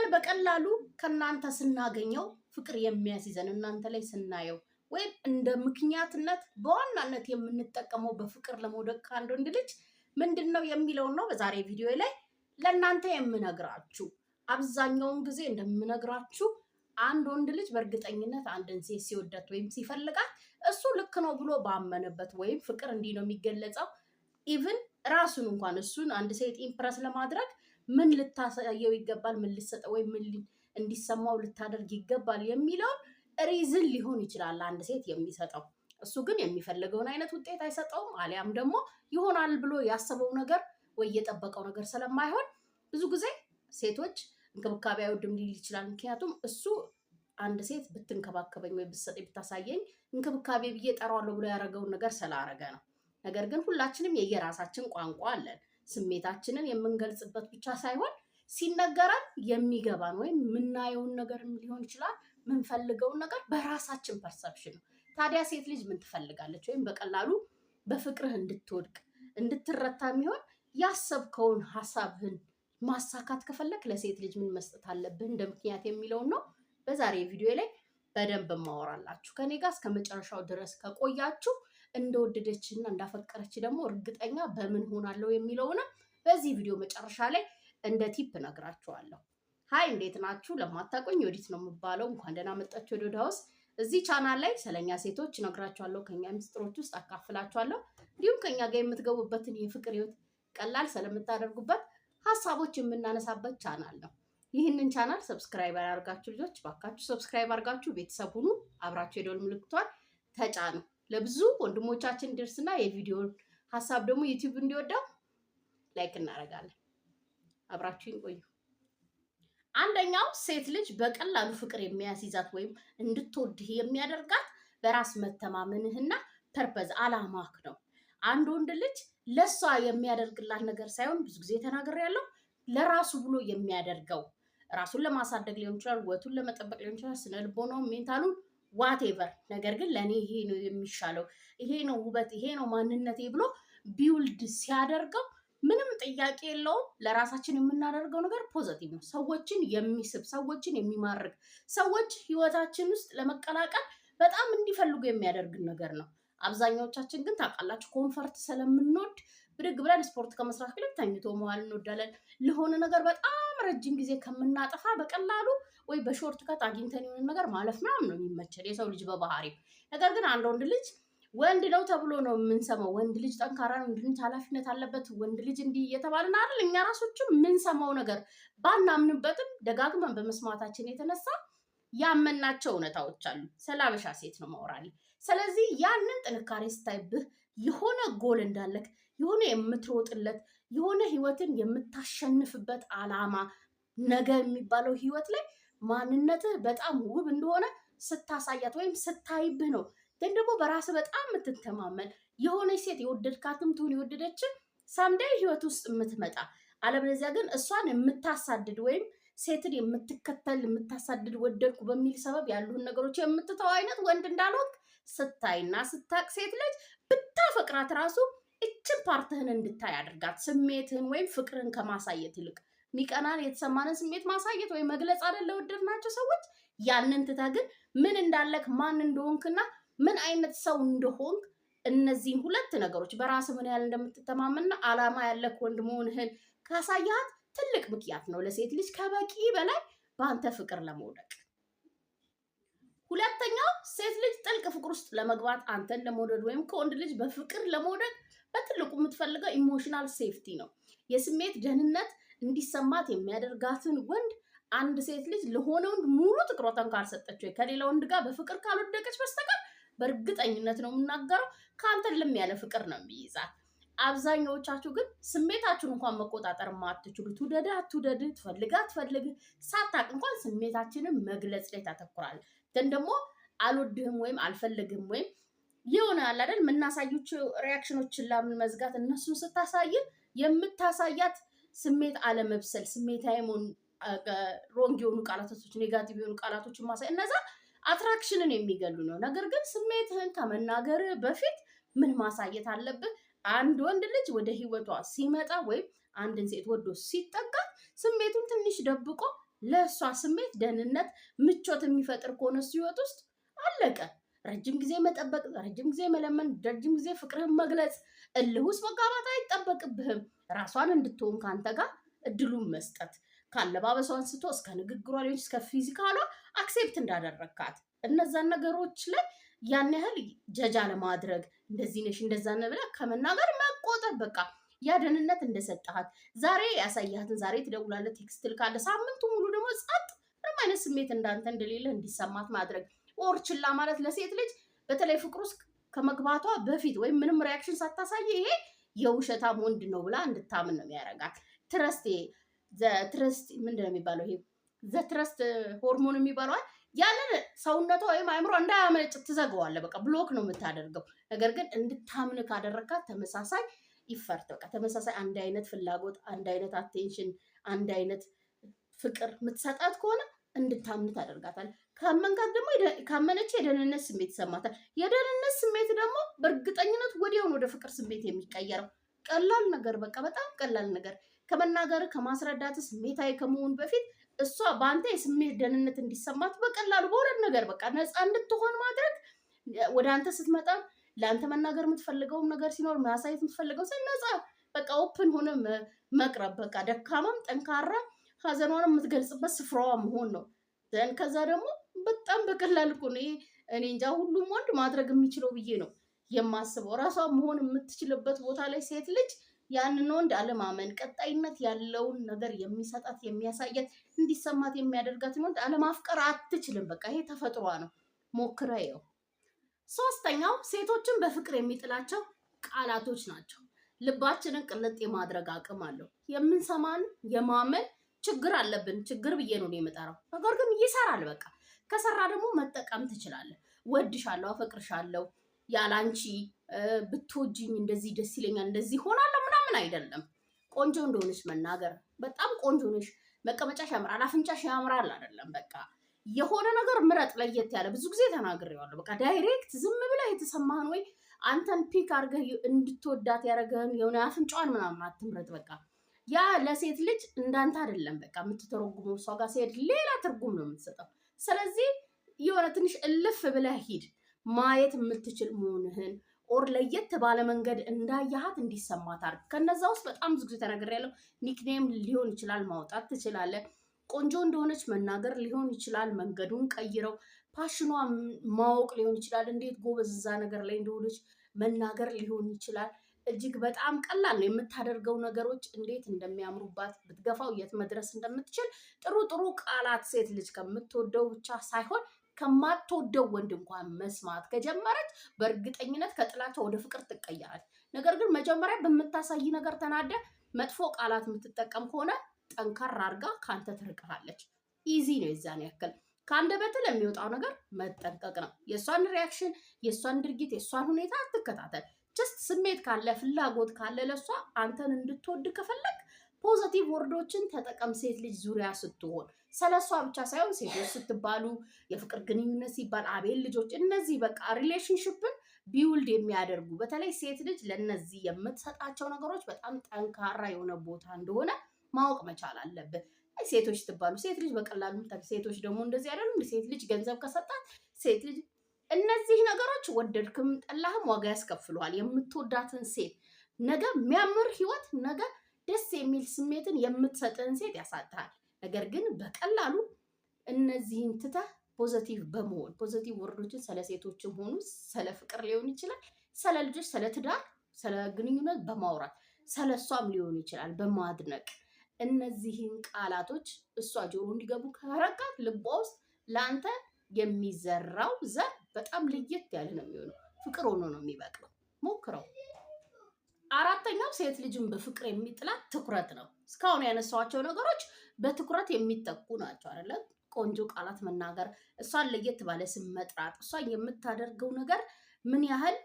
እኛን በቀላሉ ከእናንተ ስናገኘው ፍቅር የሚያስይዘን እናንተ ላይ ስናየው ወይም እንደ ምክንያትነት በዋናነት የምንጠቀመው በፍቅር ለመውደቅ ከአንድ ወንድ ልጅ ምንድን ነው የሚለውን ነው በዛሬ ቪዲዮ ላይ ለእናንተ የምነግራችሁ። አብዛኛውን ጊዜ እንደምነግራችሁ አንድ ወንድ ልጅ በእርግጠኝነት አንድን ሴት ሲወደት ወይም ሲፈልጋት እሱ ልክ ነው ብሎ ባመነበት ወይም ፍቅር እንዲህ ነው የሚገለጸው ኢቭን ራሱን እንኳን እሱን አንድ ሴት ኢምፕረስ ለማድረግ ምን ልታሳየው ይገባል፣ ምን ልሰጠው ወይም ምን እንዲሰማው ልታደርግ ይገባል የሚለውን ሪዝን ሊሆን ይችላል አንድ ሴት የሚሰጠው። እሱ ግን የሚፈልገውን አይነት ውጤት አይሰጠውም። አሊያም ደግሞ ይሆናል ብሎ ያሰበው ነገር ወይ የጠበቀው ነገር ስለማይሆን ብዙ ጊዜ ሴቶች እንክብካቤ አይወድም ሊል ይችላል። ምክንያቱም እሱ አንድ ሴት ብትንከባከበኝ ወይ ብትሰጠኝ ብታሳየኝ እንክብካቤ ብዬ ጠሯለሁ ብሎ ያደረገውን ነገር ስላረገ ነው። ነገር ግን ሁላችንም የየራሳችን ቋንቋ አለን። ስሜታችንን የምንገልጽበት ብቻ ሳይሆን ሲነገረን የሚገባን ወይም የምናየውን ነገር ሊሆን ይችላል የምንፈልገውን ነገር በራሳችን ፐርሰፕሽን ነው። ታዲያ ሴት ልጅ ምን ትፈልጋለች? ወይም በቀላሉ በፍቅርህ እንድትወድቅ እንድትረታ የሚሆን ያሰብከውን ሀሳብህን ማሳካት ከፈለግ ለሴት ልጅ ምን መስጠት አለብህ እንደ ምክንያት የሚለውን ነው በዛሬ ቪዲዮ ላይ በደንብ ማወራላችሁ ከኔ ጋር እስከ መጨረሻው ድረስ ከቆያችሁ እንደወደደችና እንዳፈቀረች ደግሞ እርግጠኛ በምን ሆናለሁ የሚለውንም በዚህ ቪዲዮ መጨረሻ ላይ እንደ ቲፕ ነግራችኋለሁ። ሀይ እንዴት ናችሁ? ለማታቆኝ ወዲት ነው የምባለው። እንኳን ደህና መጣችሁ ወደ ዮድ ሃውስ። እዚህ ቻናል ላይ ስለኛ ሴቶች ነግራችኋለሁ፣ ከኛ ምስጢሮች ውስጥ አካፍላችኋለሁ። እንዲሁም ከኛ ጋር የምትገቡበትን የፍቅር ህይወት ቀላል ስለምታደርጉበት ሀሳቦች የምናነሳበት ቻናል ነው። ይህንን ቻናል ሰብስክራይብ ያደርጋችሁ ልጆች ባካችሁ ሰብስክራይብ አርጋችሁ ቤተሰብ ሁኑ። አብራችሁ የደወል ምልክቷን ተጫኑ። ለብዙ ወንድሞቻችን ድርስና የቪዲዮ ሀሳብ ደግሞ ዩቲዩብ እንዲወዳው ላይክ እናደርጋለን። አብራችሁ ቆዩ። አንደኛው ሴት ልጅ በቀላሉ ፍቅር የሚያስይዛት ወይም እንድትወድህ የሚያደርጋት በራስ መተማመንህና ፐርፐዝ አላማክ ነው። አንድ ወንድ ልጅ ለሷ የሚያደርግላት ነገር ሳይሆን ብዙ ጊዜ ተናግሬያለሁ፣ ለራሱ ብሎ የሚያደርገው ራሱን ለማሳደግ ሊሆን ይችላል፣ ወቱን ለመጠበቅ ሊሆን ይችላል፣ ስነ ሜንታሉን ዋቴቨር። ነገር ግን ለእኔ ይሄ ነው የሚሻለው፣ ይሄ ነው ውበት፣ ይሄ ነው ማንነቴ ብሎ ቢውልድ ሲያደርገው ምንም ጥያቄ የለውም። ለራሳችን የምናደርገው ነገር ፖዘቲቭ ነው። ሰዎችን የሚስብ ሰዎችን የሚማርክ ሰዎች ህይወታችን ውስጥ ለመቀላቀል በጣም እንዲፈልጉ የሚያደርግን ነገር ነው። አብዛኛዎቻችን ግን ታውቃላችሁ፣ ኮንፈርት ስለምንወድ ብድግ ብለን ስፖርት ከመስራት ክልል ተኝቶ መዋል እንወዳለን። ለሆነ ነገር በጣም ረጅም ጊዜ ከምናጠፋ በቀላሉ ወይ በሾርት ከት አግኝተን የሆነ ነገር ማለፍ ምናምን ነው የሚመቸን የሰው ልጅ በባህሪው። ነገር ግን አንድ ወንድ ልጅ ወንድ ነው ተብሎ ነው የምንሰማው። ወንድ ልጅ ጠንካራ ነው፣ ወንድ ልጅ ኃላፊነት አለበት፣ ወንድ ልጅ እንዲህ እየተባልን አይደል እኛ ራሶችም የምንሰማው ነገር ባናምንበትም ደጋግመን በመስማታችን የተነሳ ያመናቸው እውነታዎች አሉ። ስለ አበሻ ሴት ነው ማውራል። ስለዚህ ያንን ጥንካሬ ስታይብህ የሆነ ጎል እንዳለክ የሆነ የምትሮጥለት የሆነ ህይወትን የምታሸንፍበት አላማ ነገ የሚባለው ህይወት ላይ ማንነትህ በጣም ውብ እንደሆነ ስታሳያት ወይም ስታይብህ ነው። ግን ደግሞ በራስህ በጣም የምትተማመን የሆነች ሴት የወደድካትም ትሁን የወደደችን ሳምዳይ ህይወት ውስጥ የምትመጣ አለበለዚያ ግን እሷን የምታሳድድ ወይም ሴትን የምትከተል የምታሳድድ ወደድኩ በሚል ሰበብ ያሉን ነገሮች የምትተው አይነት ወንድ እንዳልሆንክ ስታይና ስታቅ ሴት ልጅ ብታፈቅራት ራሱ እችን ፓርትህን እንድታይ አድርጋት። ስሜትህን ወይም ፍቅርህን ከማሳየት ይልቅ ሚቀናን የተሰማንን ስሜት ማሳየት ወይም መግለጽ አይደለ ናቸው ሰዎች ያንን ትተህ ግን ምን እንዳለክ ማን እንደሆንክና ምን አይነት ሰው እንደሆንክ እነዚህን ሁለት ነገሮች በራስ ምን ያህል እንደምትተማመንና አላማ ያለክ ወንድ መሆንህን ካሳያት ትልቅ ምክንያት ነው ለሴት ልጅ ከበቂ በላይ በአንተ ፍቅር ለመውደቅ። ሁለት ሴት ልጅ ጥልቅ ፍቅር ውስጥ ለመግባት አንተን ለመውደድ ወይም ከወንድ ልጅ በፍቅር ለመውደድ በትልቁ የምትፈልገው ኢሞሽናል ሴፍቲ ነው። የስሜት ደህንነት እንዲሰማት የሚያደርጋትን ወንድ አንድ ሴት ልጅ ለሆነ ወንድ ሙሉ ትኩረቷን ወይ ከሌላ ወንድ ጋር በፍቅር ካልወደቀች በስተቀር በእርግጠኝነት ነው የምናገረው ከአንተ ልም ያለ ፍቅር ነው የሚይዛት። አብዛኛዎቻችሁ ግን ስሜታችሁን እንኳን መቆጣጠር ማትችሉ ትውደድ አትውደድ ትፈልግ አትፈልግ ሳታቅ እንኳን ስሜታችንን መግለጽ ላይ ታተኩራል። ደን ደግሞ አልወድህም ወይም አልፈልግም ወይም የሆነ አለ አይደል ሪያክሽኖችን ላምን መዝጋት እነሱን ስታሳይ የምታሳያት ስሜት አለመብሰል ስሜታዊ መሆን ሮንግ የሆኑ ቃላቶች ኔጋቲቭ የሆኑ ቃላቶችን ማሳይ እነዛ አትራክሽንን የሚገሉ ነው። ነገር ግን ስሜትህን ከመናገር በፊት ምን ማሳየት አለብህ? አንድ ወንድ ልጅ ወደ ህይወቷ ሲመጣ ወይም አንድን ሴት ወዶ ሲጠቃ ስሜቱን ትንሽ ደብቆ ለእሷ ስሜት ደህንነት፣ ምቾት የሚፈጥር ከሆነ ህይወት ውስጥ አለቀ። ረጅም ጊዜ መጠበቅ፣ ረጅም ጊዜ መለመን፣ ረጅም ጊዜ ፍቅርህን መግለጽ፣ እልህ ውስጥ መጋባት አይጠበቅብህም። ራሷን እንድትሆን ከአንተ ጋር እድሉን መስጠት ካለባበሷ አንስቶ እስከ ንግግሯ ሊሆን እስከ ፊዚካሏ አክሴፕት እንዳደረግካት እነዛን ነገሮች ላይ ያን ያህል ጀጃ ለማድረግ እንደዚህ ነሽ እንደዛ ነህ ብለህ ከመናገር መቆጠብ። በቃ ያ ደህንነት እንደሰጠሃት ዛሬ ያሳያትን ዛሬ ትደውላለ፣ ቴክስት ትልካለህ፣ ሳምንቱ ሙሉ ደግሞ ጸጥ፣ ምንም አይነት ስሜት እንዳንተ እንደሌለ እንዲሰማት ማድረግ ኦር ችላ ማለት ለሴት ልጅ በተለይ ፍቅር ውስጥ ከመግባቷ በፊት ወይም ምንም ሪያክሽን ሳታሳይ ይሄ የውሸታም ወንድ ነው ብላ እንድታምን ነው የሚያደርጋት። ትረስት ትረስት ምንድን ነው የሚባለው? ይሄ ዘትረስት ሆርሞን የሚባለዋል። ያንን ሰውነቷ ወይም አይምሮ እንዳያመነጭ ትዘገዋለ። በቃ ብሎክ ነው የምታደርገው። ነገር ግን እንድታምን ካደረግካት ተመሳሳይ ይፈርት በቃ ተመሳሳይ አንድ አይነት ፍላጎት፣ አንድ አይነት አቴንሽን፣ አንድ አይነት ፍቅር የምትሰጣት ከሆነ እንድታምን ታደርጋታል። ካመንካት ደግሞ ካመነች የደህንነት ስሜት ይሰማታል። የደህንነት ስሜት ደግሞ በእርግጠኝነት ወዲያውን ወደ ፍቅር ስሜት የሚቀየረው ቀላል ነገር በቃ በጣም ቀላል ነገር ከመናገር ከማስረዳት ስሜታዊ ከመሆን በፊት እሷ በአንተ የስሜት ደህንነት እንዲሰማት በቀላሉ በሁለት ነገር በቃ ነፃ እንድትሆን ማድረግ ወደ አንተ ስትመጣ ለአንተ መናገር የምትፈልገውም ነገር ሲኖር ማሳየት የምትፈልገው ነፃ በቃ ኦፕን ሆነ መቅረብ በቃ ደካማም ጠንካራ ሀዘኗን የምትገልጽበት ስፍራዋ መሆን ነው። ዘን ከዛ ደግሞ በጣም በቀላል እኮ ነው። እኔ እንጃ ሁሉም ወንድ ማድረግ የሚችለው ብዬ ነው የማስበው። ራሷ መሆን የምትችልበት ቦታ ላይ ሴት ልጅ ያንን ወንድ አለማመን፣ ቀጣይነት ያለውን ነገር የሚሰጣት የሚያሳያት፣ እንዲሰማት የሚያደርጋትን ወንድ አለማፍቀር አትችልም። በቃ ይሄ ተፈጥሯ ነው። ሞክረ ይው። ሶስተኛው ሴቶችን በፍቅር የሚጥላቸው ቃላቶች ናቸው። ልባችንን ቅልጥ የማድረግ አቅም አለው። የምንሰማን የማመን ችግር አለብን። ችግር ብዬ ነው የምጠራው። ነገር ግን ይሰራል በቃ ከሰራ ደግሞ መጠቀም ትችላለህ። ወድሻለሁ፣ አፈቅርሻለሁ፣ ያላንቺ ብትወጂኝ እንደዚህ ደስ ይለኛል፣ እንደዚህ ሆናለሁ ምናምን አይደለም። ቆንጆ እንደሆነች መናገር በጣም ቆንጆ ነሽ፣ መቀመጫሽ ያምራል፣ አፍንጫሽ ያምራል አይደለም። በቃ የሆነ ነገር ምረጥ፣ ለየት ያለ ብዙ ጊዜ ተናግሬዋለሁ። በቃ ዳይሬክት ዝም ብለህ የተሰማህን ወይ አንተን ፒክ አድርገህ እንድትወዳት ያደረገህን የሆነ አፍንጫዋን ምናምን አትምረጥ። በቃ ያ ለሴት ልጅ እንዳንተ አይደለም። በቃ የምትተረጉመው እሷ ጋር ሲሄድ ሌላ ትርጉም ነው የምትሰጠው። ስለዚህ የሆነ ትንሽ እልፍ ብለህ ሂድ ማየት የምትችል መሆንህን ኦር ለየት ባለ መንገድ እንዳያሃት እንዲሰማት አድርግ። ከነዛ ውስጥ በጣም ብዙ ጊዜ ተነግር ያለው ኒክኔም ሊሆን ይችላል፣ ማውጣት ትችላለህ። ቆንጆ እንደሆነች መናገር ሊሆን ይችላል፣ መንገዱን ቀይረው ፓሽኗ ማወቅ ሊሆን ይችላል፣ እንዴት ጎበዝ እዛ ነገር ላይ እንደሆነች መናገር ሊሆን ይችላል። እጅግ በጣም ቀላል ነው። የምታደርገው ነገሮች እንዴት እንደሚያምሩባት ብትገፋው የት መድረስ እንደምትችል ጥሩ ጥሩ ቃላት ሴት ልጅ ከምትወደው ብቻ ሳይሆን ከማትወደው ወንድ እንኳን መስማት ከጀመረች በእርግጠኝነት ከጥላቻ ወደ ፍቅር ትቀየራለች። ነገር ግን መጀመሪያ በምታሳይ ነገር ተናደ መጥፎ ቃላት የምትጠቀም ከሆነ ጠንከር አድርጋ ከአንተ ትርቅሃለች። ኢዚ ነው የዛን ያክል በትል የሚወጣው ነገር መጠንቀቅ ነው። የእሷን ሪያክሽን፣ የእሷን ድርጊት፣ የእሷን ሁኔታ ትከታተል። ጀስት ስሜት ካለ ፍላጎት ካለ ለሷ አንተን እንድትወድ ከፈለግ ፖዘቲቭ ወርዶችን ተጠቀም። ሴት ልጅ ዙሪያ ስትሆን ስለሷ ብቻ ሳይሆን ሴቶች ስትባሉ፣ የፍቅር ግንኙነት ሲባል፣ አቤል ልጆች፣ እነዚህ በቃ ሪሌሽንሽፕን ቢውልድ የሚያደርጉ በተለይ ሴት ልጅ ለነዚህ የምትሰጣቸው ነገሮች በጣም ጠንካራ የሆነ ቦታ እንደሆነ ማወቅ መቻል አለብን። ሴቶች ስትባሉ ሴት ልጅ በቀላሉ ሴቶች ደግሞ እንደዚህ አይደሉም። ሴት ልጅ ገንዘብ ከሰጣት ሴት ልጅ እነዚህ ነገሮች ወደድክም ጠላህም ዋጋ ያስከፍለዋል የምትወዳትን ሴት ነገ የሚያምር ህይወት፣ ነገ ደስ የሚል ስሜትን የምትሰጥህን ሴት ያሳጥሃል። ነገር ግን በቀላሉ እነዚህን ትተህ ፖዘቲቭ በመሆን ፖዘቲቭ ወርዶችን ስለ ሴቶችም ሆኑ ስለ ፍቅር ሊሆን ይችላል፣ ስለ ልጆች፣ ስለ ትዳር፣ ስለ ግንኙነት በማውራት ስለ እሷም ሊሆን ይችላል በማድነቅ እነዚህን ቃላቶች እሷ ጆሮ እንዲገቡ ከረጋት ልቧ ውስጥ ለአንተ የሚዘራው ዘር በጣም ለየት ያለ ነው የሚሆነው። ፍቅር ሆኖ ነው የሚበቅለው። ሞክረው። አራተኛው ሴት ልጅን በፍቅር የሚጥላት ትኩረት ነው። እስካሁን ያነሳኋቸው ነገሮች በትኩረት የሚጠቁ ናቸው አይደለ? ቆንጆ ቃላት መናገር፣ እሷን ለየት ባለ ስም መጥራት፣ እሷን የምታደርገው ነገር ምን ያህል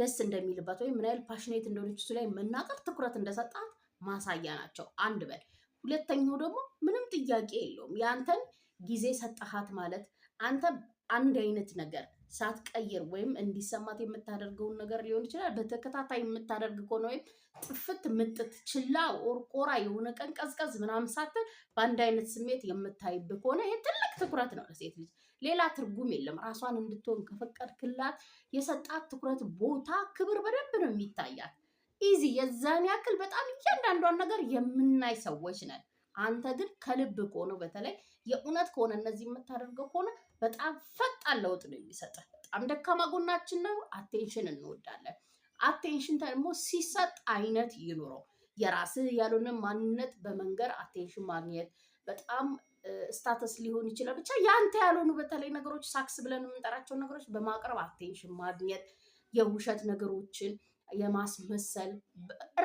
ደስ እንደሚልባት ወይም ምን ያህል ፓሽኔት እንደሆነች እሱ ላይ መናገር ትኩረት እንደሰጣት ማሳያ ናቸው። አንድ በል። ሁለተኛው ደግሞ ምንም ጥያቄ የለውም። የአንተን ጊዜ ሰጠሃት ማለት አንተ አንድ አይነት ነገር ሳትቀይር ወይም እንዲሰማት የምታደርገውን ነገር ሊሆን ይችላል። በተከታታይ የምታደርግ ከሆነ ወይም ጥፍት ምጥት፣ ችላ ቆርቆራ፣ የሆነ ቀን ቀዝቀዝ ምናምን ሳትል በአንድ አይነት ስሜት የምታይብ ከሆነ ይህ ትልቅ ትኩረት ነው ለሴት ልጅ። ሌላ ትርጉም የለም። ራሷን እንድትሆን ከፈቀድክላት፣ የሰጣት ትኩረት፣ ቦታ፣ ክብር በደንብ ነው የሚታያት። ኢዚ የዛን ያክል በጣም እያንዳንዷን ነገር የምናይ ሰዎች ነን። አንተ ግን ከልብ ከሆነ በተለይ የእውነት ከሆነ እነዚህ የምታደርገው ከሆነ በጣም ፈጣን ለውጥ ነው የሚሰጥ። በጣም ደካማ ጎናችን ነው። አቴንሽን እንወዳለን። አቴንሽን ደግሞ ሲሰጥ አይነት ይኑረው። የራስህ ያልሆነ ማንነት በመንገር አቴንሽን ማግኘት በጣም ስታተስ ሊሆን ይችላል። ብቻ ያንተ ያልሆኑ በተለይ ነገሮች ሳክስ ብለን የምንጠራቸው ነገሮች በማቅረብ አቴንሽን ማግኘት፣ የውሸት ነገሮችን የማስመሰል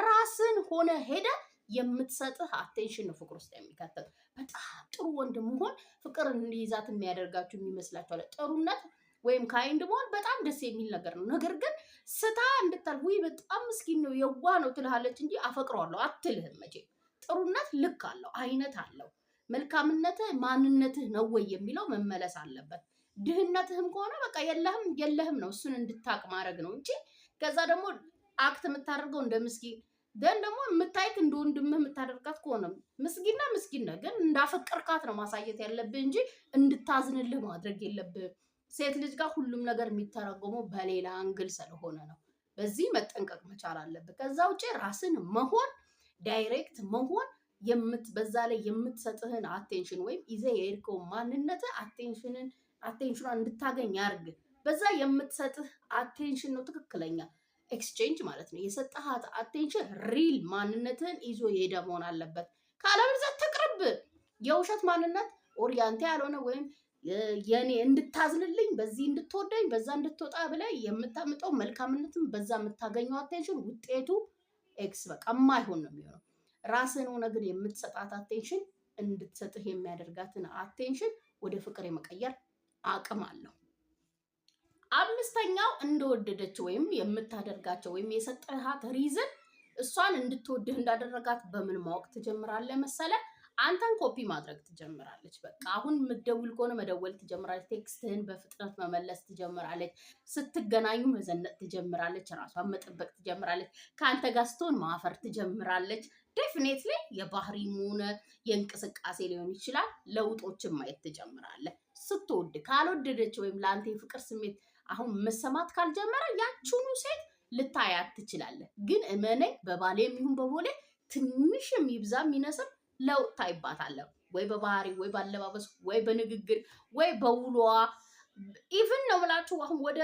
ራስን ሆነ ሄደ የምትሰጥህ አቴንሽን ነው ፍቅር ውስጥ የሚከተት በጣም ጥሩ ወንድ መሆን ፍቅር እንዲይዛት የሚያደርጋችሁ የሚመስላችኋል። ጥሩነት ወይም ካይንድ መሆን በጣም ደስ የሚል ነገር ነው። ነገር ግን ስታ እንድታል ወይ በጣም ምስኪን ነው የዋ ነው ትልሃለች እንጂ አፈቅረዋለሁ አትልህም መቼ። ጥሩነት ልክ አለው፣ አይነት አለው። መልካምነትህ ማንነትህ ነው ወይ የሚለው መመለስ አለበት። ድህነትህም ከሆነ በቃ የለህም የለህም ነው፣ እሱን እንድታቅ ማድረግ ነው እንጂ ከዛ ደግሞ አክት የምታደርገው እንደ ምስኪን ደን ደግሞ የምታይክ እንደ ወንድምህ የምታደርጋት ከሆነ ምስጊና ምስጊና ግን እንዳፈቀርካት ነው ማሳየት ያለብህ እንጂ እንድታዝንልህ ማድረግ የለብህም። ሴት ልጅ ጋር ሁሉም ነገር የሚተረጎመው በሌላ አንግል ስለሆነ ነው። በዚህ መጠንቀቅ መቻል አለብህ። ከዛ ውጭ ራስን መሆን ዳይሬክት መሆን በዛ ላይ የምትሰጥህን አቴንሽን ወይም ይዘህ የሄድከውን ማንነት አቴንሽንን አቴንሽኗ እንድታገኝ ያርግ። በዛ የምትሰጥህ አቴንሽን ነው ትክክለኛ ኤክስቼንጅ ማለት ነው። የሰጠሃት አቴንሽን ሪል ማንነትን ይዞ የሄደ መሆን አለበት። ካለበለዚያ ትቅርብ። የውሸት ማንነት ኦሪያንቴ ያልሆነ ወይም የኔ እንድታዝንልኝ በዚህ እንድትወደኝ በዛ እንድትወጣ ብለ የምታምጠው መልካምነትም በዛ የምታገኘው አቴንሽን ውጤቱ ኤክስ በቃ የማይሆን ነው የሚሆነው። ራስን ሆነ ግን የምትሰጣት አቴንሽን እንድትሰጥህ የሚያደርጋትን አቴንሽን ወደ ፍቅር የመቀየር አቅም አለው። አምስተኛው እንደወደደች ወይም የምታደርጋቸው ወይም የሰጠሃት ሪዝን እሷን እንድትወድህ እንዳደረጋት በምን ማወቅ ትጀምራለህ መሰለ? አንተን ኮፒ ማድረግ ትጀምራለች። በቃ አሁን ምደውል ከሆነ መደወል ትጀምራለች። ቴክስትህን በፍጥነት መመለስ ትጀምራለች። ስትገናኙ መዘነጥ ትጀምራለች። ራሷን መጠበቅ ትጀምራለች። ከአንተ ጋር ስትሆን ማፈር ትጀምራለች። ዴፊኔትሊ የባህሪ ሆነ የእንቅስቃሴ ሊሆን ይችላል ለውጦችን ማየት ትጀምራለህ ስትወድ። ካልወደደች ወይም ለአንተ የፍቅር ስሜት አሁን መሰማት ካልጀመረ ያችኑ ሴት ልታያት ትችላለህ። ግን እመነኝ በባሌ የሚሁን በቦሌ ትንሽም ይብዛ የሚነስም ለውጥ ታይባታለህ። ወይ በባህሪ ወይ ባለባበስ ወይ በንግግር ወይ በውሏ ኢቭን ነው ብላችሁ አሁን ወደ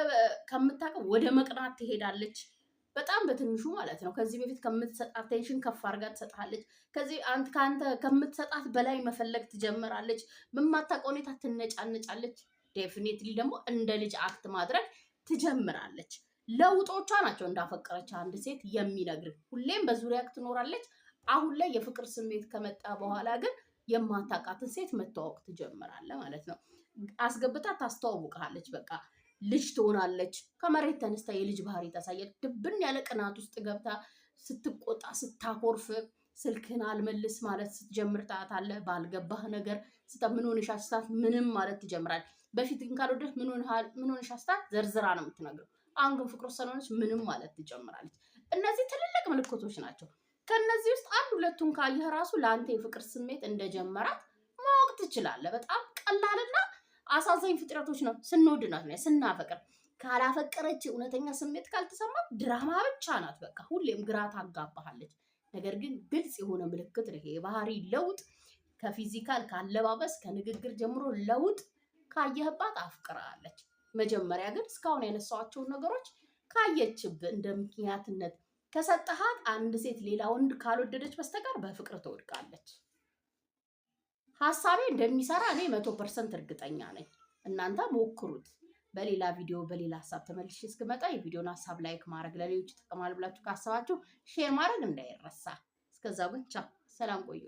ከምታውቀው ወደ መቅናት ትሄዳለች። በጣም በትንሹ ማለት ነው። ከዚህ በፊት ከምትሰጣት ቴንሽን ከፍ አርጋ ትሰጥሃለች። ከዚህ ከአንተ ከምትሰጣት በላይ መፈለግ ትጀምራለች። በማታውቀው ሁኔታ ትነጫነጫለች። ዴፊኒትሊ ደግሞ እንደ ልጅ አክት ማድረግ ትጀምራለች። ለውጦቿ ናቸው እንዳፈቀረች አንድ ሴት የሚነግር ሁሌም በዙሪያ ትኖራለች። አሁን ላይ የፍቅር ስሜት ከመጣ በኋላ ግን የማታውቃትን ሴት መተዋወቅ ትጀምራለ ማለት ነው። አስገብታ ታስተዋውቃለች። በቃ ልጅ ትሆናለች። ከመሬት ተነስታ የልጅ ባህሪ ታሳያለች። ድብን ያለ ቅናት ውስጥ ገብታ ስትቆጣ፣ ስታኮርፍ፣ ስልክን አልመልስ ማለት ስትጀምር ታያታለህ። ባልገባህ ነገር ስጠ ምን ሆነሻል ስታት ምንም ማለት ትጀምራለች። በፊት ግን ካልወደድክ ምን ሆነሽ አስታት ዘርዝራ ነው የምትነግረው። አሁን ግን ፍቅር ስለሆነች ምንም ማለት ትጨምራለች። እነዚህ ትልልቅ ምልክቶች ናቸው። ከእነዚህ ውስጥ አንድ ሁለቱን ካየህ ራሱ ለአንተ የፍቅር ስሜት እንደጀመራት ማወቅ ትችላለህ። በጣም ቀላልና አሳዛኝ ፍጥረቶች ነው ስንወድናት ነው ስናፈቅር ካላፈቀረች እውነተኛ ስሜት ካልተሰማት ድራማ ብቻ ናት። በቃ ሁሌም ግራ ታጋባሃለች። ነገር ግን ግልጽ የሆነ ምልክት ነው ይሄ የባህሪ ለውጥ ከፊዚካል፣ ከአለባበስ፣ ከንግግር ጀምሮ ለውጥ ካየህባት አፍቅራለች። መጀመሪያ ግን እስካሁን ያነሳኋቸውን ነገሮች ካየችብህ እንደ ምክንያትነት ከሰጠሃት አንድ ሴት ሌላ ወንድ ካልወደደች በስተቀር በፍቅር ትወድቃለች። ሀሳቤ እንደሚሰራ እኔ መቶ ፐርሰንት እርግጠኛ ነኝ። እናንተ ሞክሩት። በሌላ ቪዲዮ በሌላ ሀሳብ ተመልሼ እስክመጣ የቪዲዮን ሀሳብ ላይክ ማድረግ ለሌሎች ይጠቅማል ብላችሁ ካሰባችሁ ሼር ማድረግ እንዳይረሳ። እስከዛ ብቻ ሰላም ቆዩ።